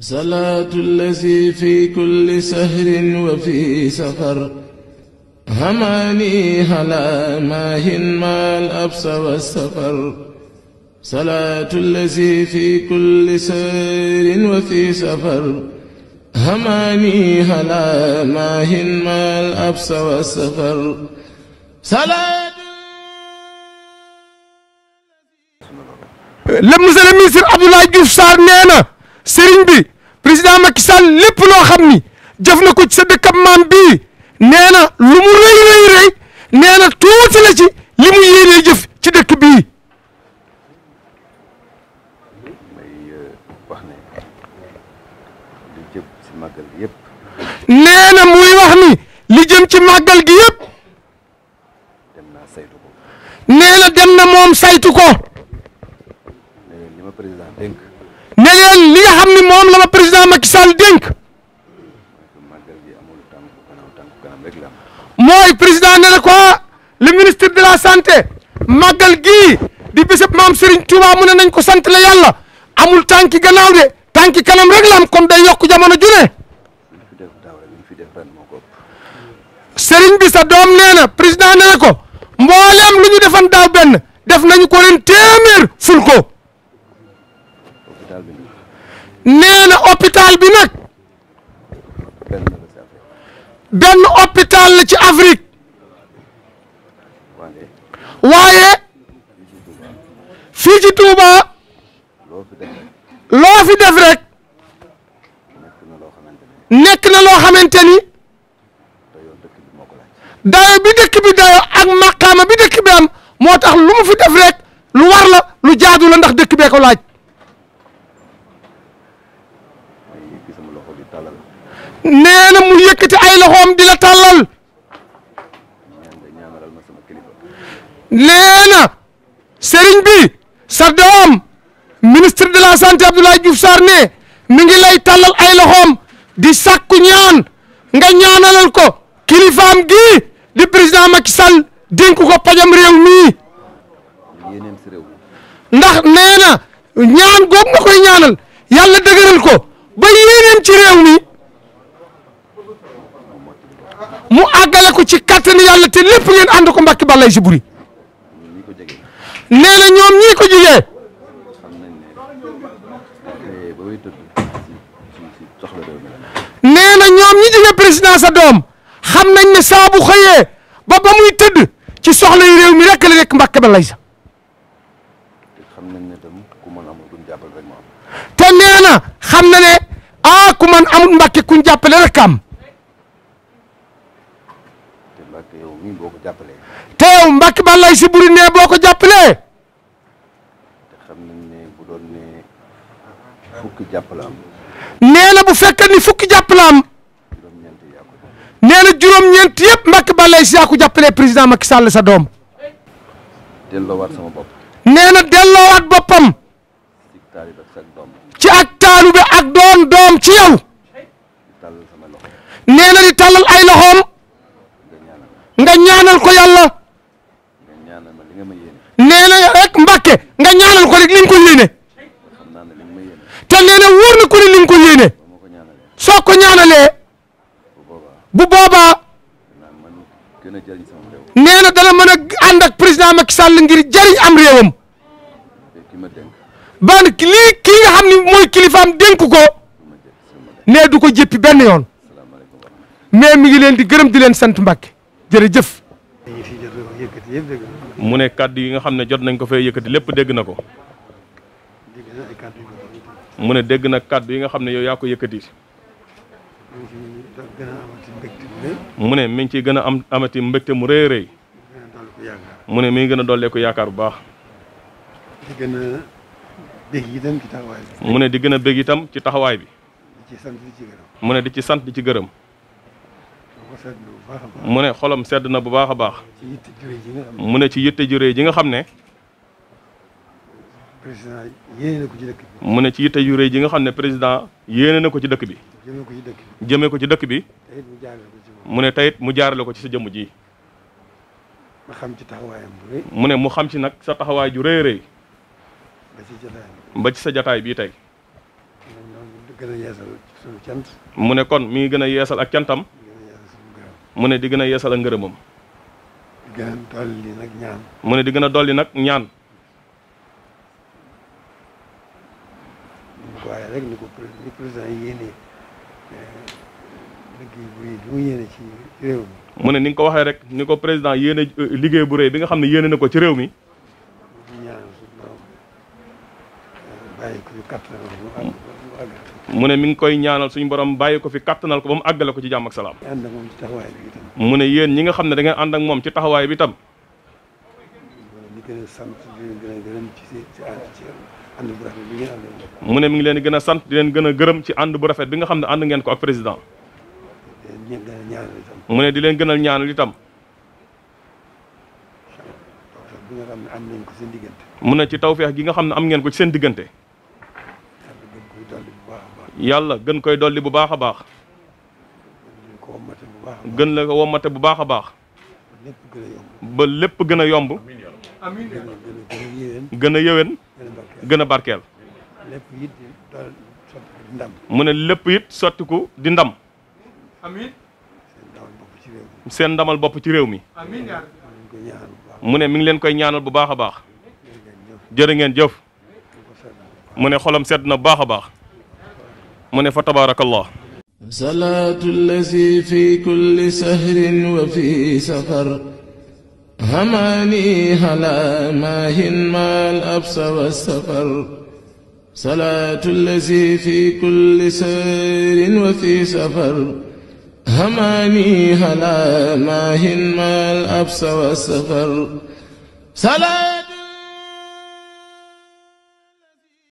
صلاة الذي في كل سهر وفي سفر هماني هلا ماهن ما الأبس والسفر صلاة الذي في كل سهر وفي سفر هماني هلا ماهن ما الأبس والسفر صلاة لم زلمي سير عبد الله جوف صار نينا sëriñ bi président Macky Sall lépp loo xam ni jëf na ko ci sa dëkkam maam bii nee na lu mu rëy rëy rëy nee na tuuti la ci li mu yéenee jëf ci dëkk bi euh, nee na muy wax ni li jëm ci màggal gi yëpp nee na dem na moom saytu ko. moom la président Macky Sall dénk mooy président ne ko le ministre de la santé màggal gii di bésëb maam Serigne Touba mu ne nañ ko sant la yàlla amul tànki gannaaw de tànki kanam rek la am kon day yokk jamono june Serigne bi doom nee président ne na ko mbooleem lu ñu defan daaw benn def nañu ko ren téeméer ful ko nee hôpital bi nag benn hôpital la ci Afrique waaye fii ci Touba loo def rek nekk na loo xamante ni dayo bi dëkk bi dayo ak maqaama bi dëkk bi am moo tax lu mu fi def rek lu war la lu jaadu la ndax dëkk bee laaj nee na mu yëkkati ay loxoom di la tàllal bi sa doom ministre de la santé Abdoulaye Diouf Sarr mi ngi lay tàllal ay loxoom di sàkku ñaan nga ñaanalal ko kilifaam gii di président Macky Sall dénk ko pajam réew mii ndax nee ñaan googu nga koy ñaanal yàlla dëgëral ko ba yéeneen ci réew mi mu àggale ko ci kàttanu yàlla te lépp ngeen ànd ko mbàkki balay jiburi nee na ñoom ñii ko jigee nee na ñoom ñi jige président sa doom xam nañ ne saa bu xëyee ba ba muy tëdd ci soxla yu réew mi rek la nekk mbàkki balay sa te nee na xam na ne ah ku man amul mbàkki kuñ jàppale rek am boo ko jàppalee. teew Mbacke Balaye si buri nee boo ko jàppalee. te bu doon na bu fekkee ni fukki jàpp la am. nee na juróom-ñeent yëpp Mbacke Balaye si yaa ko jàppalee président Macky Sall sa doom. delloowaat sama bopp. boppam. ci ak taalu bi ak doon doom ci yow. nee di tàllal ay loxoom. nga ñaanal ko yàlla nee na rek mbàkke nga ñaanal ko rek li nga ko yéene na wóor na ko soo ko ñaanalee bu boobaa nee dana mën a ànd ak président Macky Sall ngir jëriñ am réewam ba lii kii nga xam ni mooy kilifaam dénk ko nee du ko jëppi benn yoon mais mi ngi leen di gërëm di leen sant Mbàkke jërëjëf. mu ne kàddu yi nga xam ne jot nañ ko fay yëkkati lépp dégg na ko. mu ne dégg na kàddu yi nga xam ne yow yaa ko yëkkati. mu ne mi ngi ciy gën a am amati mbégte mu rëy rëy. mu ne mi ngi gën a dolleeku yaakaar bu baax. di gën a bég mu ne di gën a bég itam ci taxawaay bi. mu ne di ci sant di ci gërëm. mu ne xolam sedd na bu baax a baax. mu ne ci yitte juree ji nga xam ne. président yéene ci dëkk bi. mu ne ci yitte juree ji nga xam ne président yéene na ko ci dëkk bi. jëmee ko ci dëkk bi. jëmee ko ci mu ne tayit mu jaarale ko ci sa jëmm ji. mu xam ci taxawaayam mu ne mu xam ci nag sa taxawaay ju rëy rëy. ba ci ba ci sa jataay bii tey. mu ne kon mi ngi gën a yeesal ak cantam. mu ne di gën a yeesal a ngërëmam. di gën a dolli nag ñaan. mu ne di gën a dolli nag ñaan. waaye rek ni ko ni président yéene eh, mu ne ni nga ko waxee rek ni ko président yéene eh, liggéey bu rëy bi nga xam ne yéene na ko ci réew mi. mu ne mi ngi koy ñaanal suñu borom bàyyi ko fi kattanal ko ba mu àggale ko ci jàmm ak salaam. mu ne yéen ñi nga xam ne da ngeen ànd ak moom ci taxawaay bi tam. mu ne mi ngi leen sant di leen gën a gërëm ci ànd bu rafet bi nga xam ne ànd ngeen ko ak président. mu ne di leen gënal ñaanal itam. mu ci gi nga xam am ngeen ko ci seen diggante. yàlla gën koy dolli bu baax a baax gën la wommate bu baax a baax ba lépp gën a yomb gën a yëwén gën a barkeel mu ne lépp it sottiku di ndam seen ndamal bopp ci réew mi mu ne mi ngi leen koy ñaanal bu baax a baax jërë ngeen jëf mu ne xolam sedd na bu baax a baax من فتبارك الله صلاة الذي في كل سهر وفي سفر fi safar هماني هلا ماهن ما الأبس والسفر صلاة الذي في كل سهر وفي سفر هماني هلا ماهن ما الأبس والسفر صلاة